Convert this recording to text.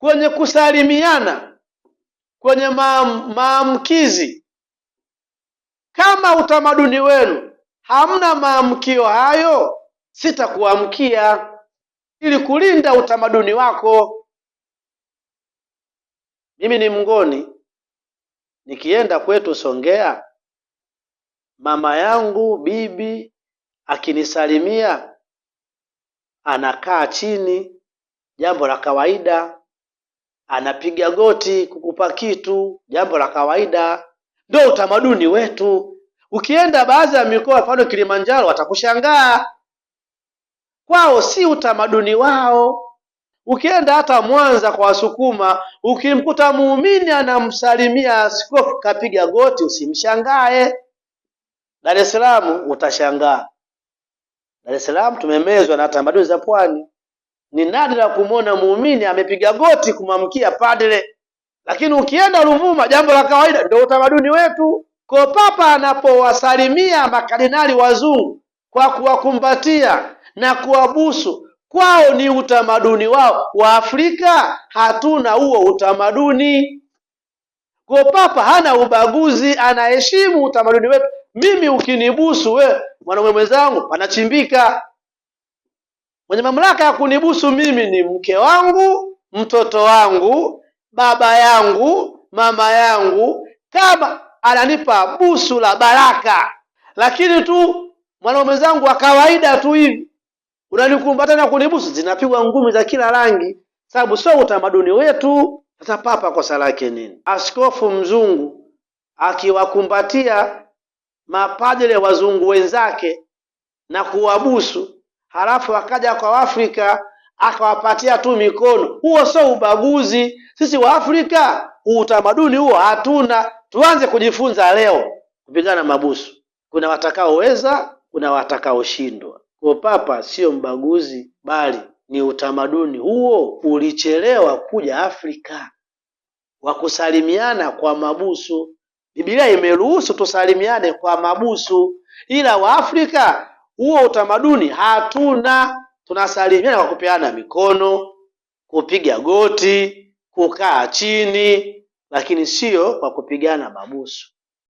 kwenye kusalimiana, kwenye maamkizi. Kama utamaduni wenu hamna maamkio hayo, sitakuamkia ili kulinda utamaduni wako. Mimi ni mngoni, nikienda kwetu Songea, mama yangu bibi akinisalimia anakaa chini, jambo la kawaida anapiga goti kukupa kitu, jambo la kawaida, ndio utamaduni wetu. Ukienda baadhi ya mikoa, mfano Kilimanjaro, watakushangaa kwao, si utamaduni wao. Ukienda hata Mwanza kwa Wasukuma, ukimkuta muumini anamsalimia askofu kapiga goti, usimshangae. Dar es Salaam utashangaa. Dar es Salaam tumemezwa na tamaduni za pwani. Ni nadra kumwona muumini amepiga goti kumwamkia padre, lakini ukienda Ruvuma, jambo la kawaida, ndio utamaduni wetu. Kwa papa anapowasalimia makardinali wazungu kwa kuwakumbatia na kuwabusu, kwao ni utamaduni wao. Waafrika hatuna huo utamaduni. Kwa papa hana ubaguzi, anaheshimu utamaduni wetu. Mimi ukinibusu we mwanamume mwenzangu, panachimbika mwenye mamlaka ya kunibusu mimi ni mke wangu, mtoto wangu, baba yangu, mama yangu, kama ananipa busu la baraka. Lakini tu mwanaume zangu wa kawaida tu hivi unanikumbata na kunibusu, zinapigwa ngumi za kila rangi, sababu sio utamaduni wetu. Hata papa kosa lake nini? Askofu mzungu akiwakumbatia mapadre wazungu wenzake na kuwabusu halafu akaja kwa Afrika akawapatia tu mikono. Huo sio ubaguzi. Sisi Waafrika utamaduni huo hatuna. Tuanze kujifunza leo kupigana mabusu. Kuna watakaoweza, kuna watakaoshindwa. Kwa papa sio mbaguzi, bali ni utamaduni huo ulichelewa kuja Afrika, wa kusalimiana kwa mabusu. Biblia imeruhusu tusalimiane kwa mabusu, ila Waafrika huo utamaduni hatuna, tunasalimiana kwa kupeana mikono, kupiga goti, kukaa chini, lakini sio kwa kupigana mabusu.